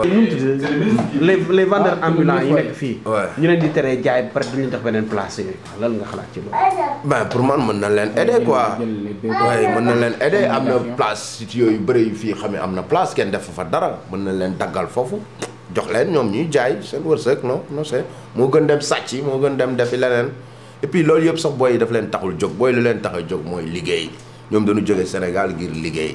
les les vendeurs ambulants yi nekk fii. ñu leen di teree jaay ba pare du ñu jox beneen place lan nga xalaat pour man mën na leen aider quoi waaye mën na leen aider am na place yooyu bëri yi fii xam ne am na place kenn def fa dara mën na leen daggal foofu jox leen ñoom ñuy jaay seen wërsëg non non c'est moo gën dem sàcc moo gën dem defi leneen et puis loolu yëpp sax booy yi daf leen taxul jóg booy lu leen tax a jóg mooy liggéey ñoom dañu jóge Sénégal ngir liggéey.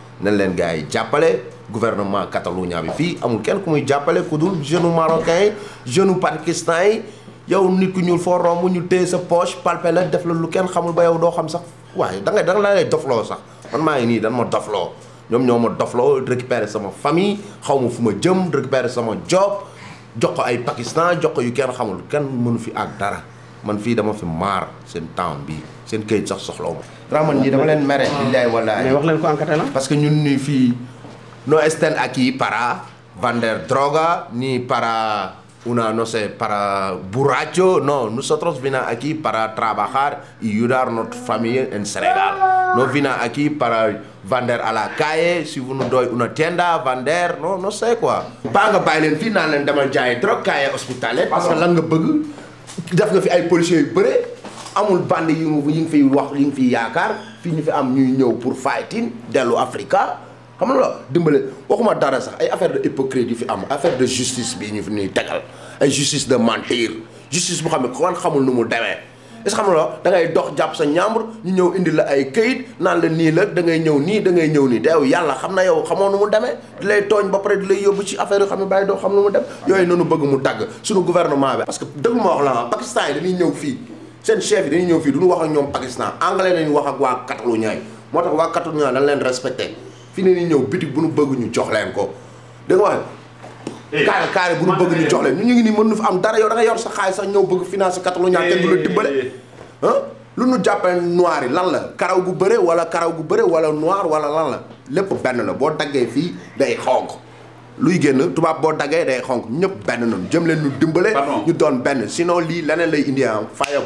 nañ leen gars yi jàppale gouvernement Catalunya bi fii amul kenn ku muy jàppale ku dul jeune marocain yi jeune pakistan yi yow nit ku ñuul foo romb ñu téye sa poche palpe la def la lu kenn xamul ba yow doo xam sax waaye da ngay da nga lay dofloo sax man maa ngi nii dan ma dofloo ñoom ñoo ma dofloo récupérer sama famille xaw ma fu ma jëm récupérer sama job jox ko ay pakistan jox yu kenn xamul kenn mënu fi ak dara man fii dama fi maar sen town bi seen këyit sax soxlaw ma raa man ñi dama leen mere billaay wallaay mais wax leen ko en catalan parce que ñun ni fii no esten aquí para vender droga ni para una no sé para borracho no nosotros vina aquí para trabajar y ayudar nuestra familia en Senegal no vina aquí para vender a la calle si vous nous doy una tienda vender no no sé quoi ba bailen bay len fi nan len dama jaay drog calle hospitalier eh, def nga fi ay policiers yu bëre amul band yu yi nga fiy wax yi nga fiy yaakaar fii ñu fi am ñuy ñëw pour fighting dellu Africa xam nga la dimbale waxuma dara sax ay affaire de hypocrite yu fi am affaire de justice bi ñu fi ñuy tegal ay justice de mentir justice boo xam ne kon xamul nu mu demee est-ce xam lo da ngay dox jàpp sa ñambur ñu ñëw indi la ay këyit naan la nii la da ngay ñëw nii da ngay ñëw nii te yow yàlla xam na yow xamoo nu mu demee di lay tooñ ba pare di lay yóbbu ci affaire yoo xam ne bàyyi xam mu dem bëgg mu suñu gouvernement bi parce que ma wax la Pakistan yi dañuy ñëw fi sen chef yi dañuy ñëw fi duñu wax ak Pakistan anglais lañu wax ak waa Catalogne yi moo tax waa Catalogne dañ leen respecté fii ne ñëw bitik bu ñu bëgg ñu jox leen ko wax carré carré bu ñu bëgg ñu jox leen ñu ngi nii mën nu fi am dara yow da nga yor sa xaalis sax ñëw bëgg financé Catalogne kenn du la eh. dimbale lu ñu jàppale noir yi lan la karaw gu bëre wala karaw gu bëre wala noir wala lan la lépp benn la boo daggee fii day xonq luy génn tubaab boo daggee day xonk ñëpp benn noonu jëm leen ñu dimbale ñu doon benn sinon lii leneen lay indi am faya